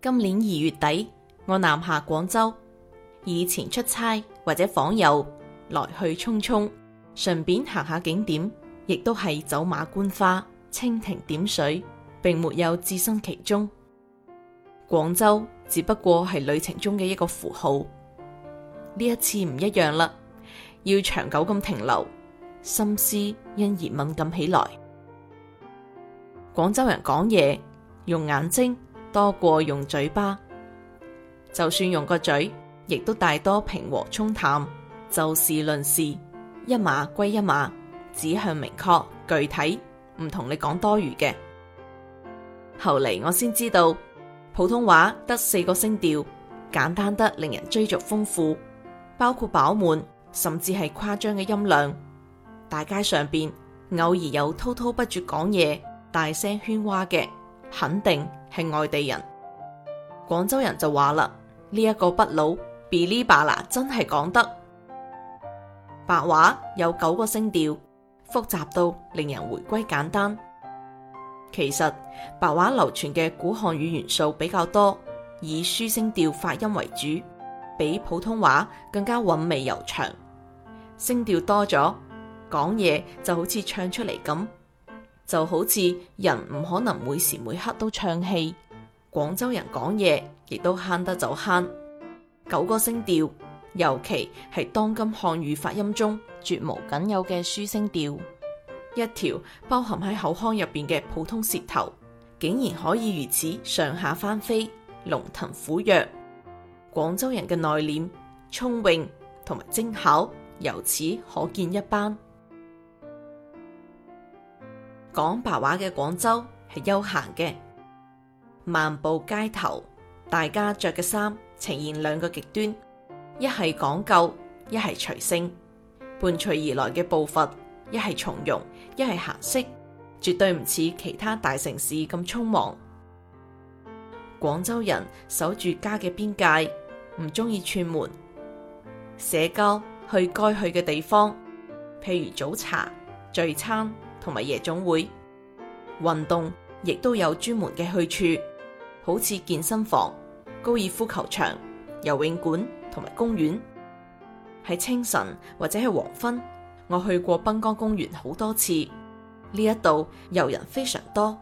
今年二月底，我南下廣州。以前出差或者訪友，來去匆匆，順便行下景點，亦都係走馬觀花、蜻蜓點水，並沒有置身其中。廣州只不過係旅程中嘅一個符號。呢一次唔一樣啦，要長久咁停留，心思因而敏感起來。廣州人講嘢，用眼睛，多過用嘴巴，就算用個嘴，亦都大多平和沖淡，就事論事，一碼歸一碼，指向明確具體，唔同你講多餘嘅。後嚟我先知道普通話得四個聲調，簡單得令人追逐豐富，包括飽滿甚至係誇張嘅音量。大街上邊偶爾有滔滔不絕講嘢、大聲喧嘩嘅，肯定係外地人，廣州人就話啦：呢、這、一個不老，噼哩吧啦，真係講得。白話有九個聲調，複雜到令人回歸簡單。其實白話流傳嘅古漢語元素比較多，以書聲調發音為主，比普通話更加韻味悠長。聲調多咗，講嘢就好似唱出嚟咁。就好似人唔可能每時每刻都唱戲，廣州人講嘢亦都慳得就慳，九個聲調，尤其係當今漢語發音中絕無僅有嘅書聲調，一條包含喺口腔入邊嘅普通舌頭，竟然可以如此上下翻飛，龍騰虎躍，廣州人嘅內斂、聰穎同埋精巧，由此可見一斑。講白話嘅廣州係悠閒嘅，漫步街頭，大家着嘅衫呈現兩個極端，一係講究，一係隨性；伴隨而來嘅步伐，一係從容，一係閒適，絕對唔似其他大城市咁匆忙。廣州人守住家嘅邊界，唔中意串門，社交去該去嘅地方，譬如早茶、聚餐。同埋夜總會運動，亦都有專門嘅去處，好似健身房、高爾夫球場、游泳館同埋公園。喺清晨或者係黃昏，我去過濱江公園好多次。呢一度遊人非常多，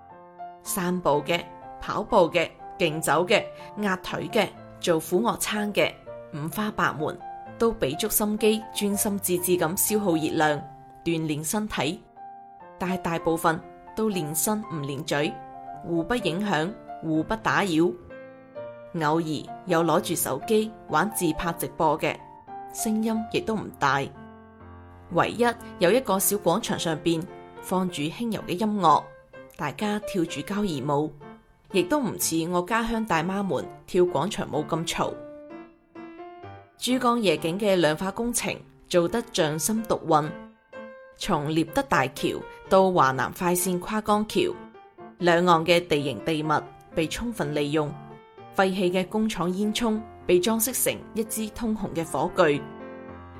散步嘅、跑步嘅、競走嘅、壓腿嘅、做俯臥撐嘅，五花八門，都俾足心機，專心致志咁消耗熱量，鍛煉身體。但係大部分都練身唔練嘴，互不影響，互不打擾。偶爾有攞住手機玩自拍直播嘅，聲音亦都唔大。唯一有一個小廣場上邊放住輕柔嘅音樂，大家跳住交誼舞，亦都唔似我家鄉大媽們跳廣場舞咁嘈。珠江夜景嘅亮化工程做得匠心獨運。從獵德大橋到華南快線跨江橋，兩岸嘅地形地物被充分利用，廢棄嘅工廠煙囪被裝飾成一支通紅嘅火炬，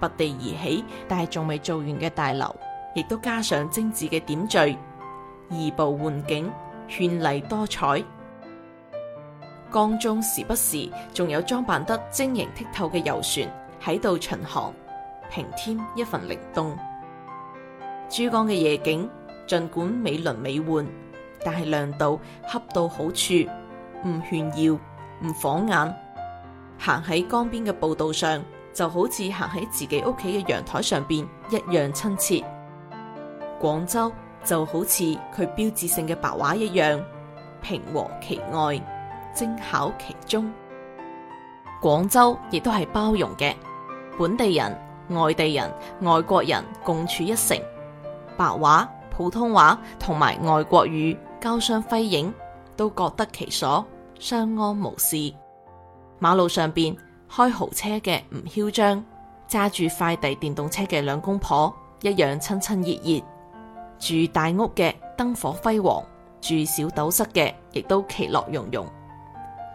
拔地而起，但係仲未做完嘅大樓亦都加上精緻嘅點綴，移步換景，絢麗多彩。江中時不時仲有裝扮得晶瑩剔透嘅遊船喺度巡航，平添一份靈動。珠江嘅夜景，盡管美輪美奐，但係亮度恰到好處，唔炫耀，唔晃眼。行喺江邊嘅步道上，就好似行喺自己屋企嘅陽台上邊一樣親切。廣州就好似佢標誌性嘅白話一樣，平和其外，精巧其中。廣州亦都係包容嘅，本地人、外地人、外國人共處一城。白話、普通話同埋外國語交相輝映，都各得其所，相安無事。馬路上邊開豪車嘅唔囂張，揸住快遞電動車嘅兩公婆一樣親親熱熱。住大屋嘅燈火輝煌，住小斗室嘅亦都其樂融融。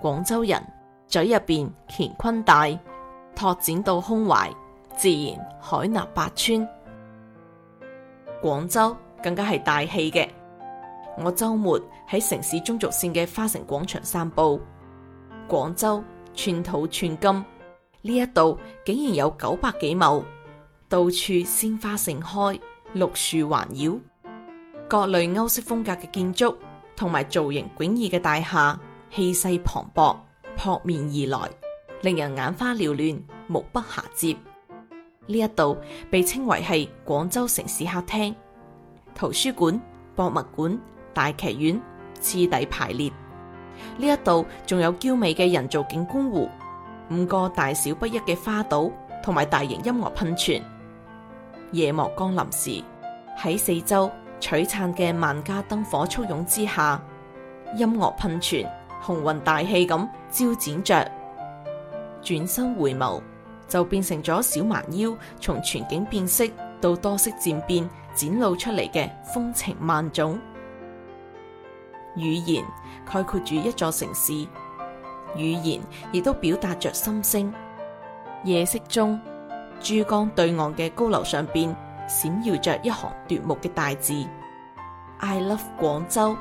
廣州人嘴入邊乾坤大，拓展到胸懷，自然海納百川。廣州更加係大氣嘅，我周末喺城市中軸線嘅花城廣場散步。廣州寸土寸金，呢一度竟然有九百幾畝，到處鮮花盛開，綠樹環繞，各類歐式風格嘅建築同埋造型迥異嘅大廈，氣勢磅礴，撲面而來，令人眼花繚亂，目不暇接。呢一度被稱為係廣州城市客廳，圖書館、博物館、大劇院次第排列。呢一度仲有嬌美嘅人造景觀湖、五個大小不一嘅花島同埋大型音樂噴泉。夜幕降臨時，喺四周璀璨嘅萬家燈火簇擁之下，音樂噴泉雄渾大氣咁招展着。轉身回眸，就變成咗小蠻腰，從全景變色到多色漸變，展露出嚟嘅風情萬種。語言概括住一座城市，語言亦都表達着心聲。夜色中，珠江對岸嘅高樓上邊閃耀着一行奪目嘅大字：I love 廣州。